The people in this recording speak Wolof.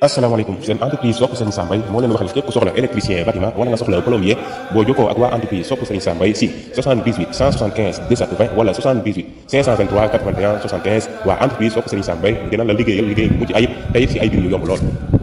asalaamaaleykum seen entreprise sopp Serigne Sam Mbaye moo leen waxal képp ku soxla électricien bâtiment wala nga soxla boo jokkoo ak waa entreprise sopp Serigne Sam Mbaye si 78 175 220 wala 78 523 81 75 waa entreprise sopp Serigne Sam Mbaye dina la liggéeyal liggéey bu mucc ayib te it ay mbir yu yomb lool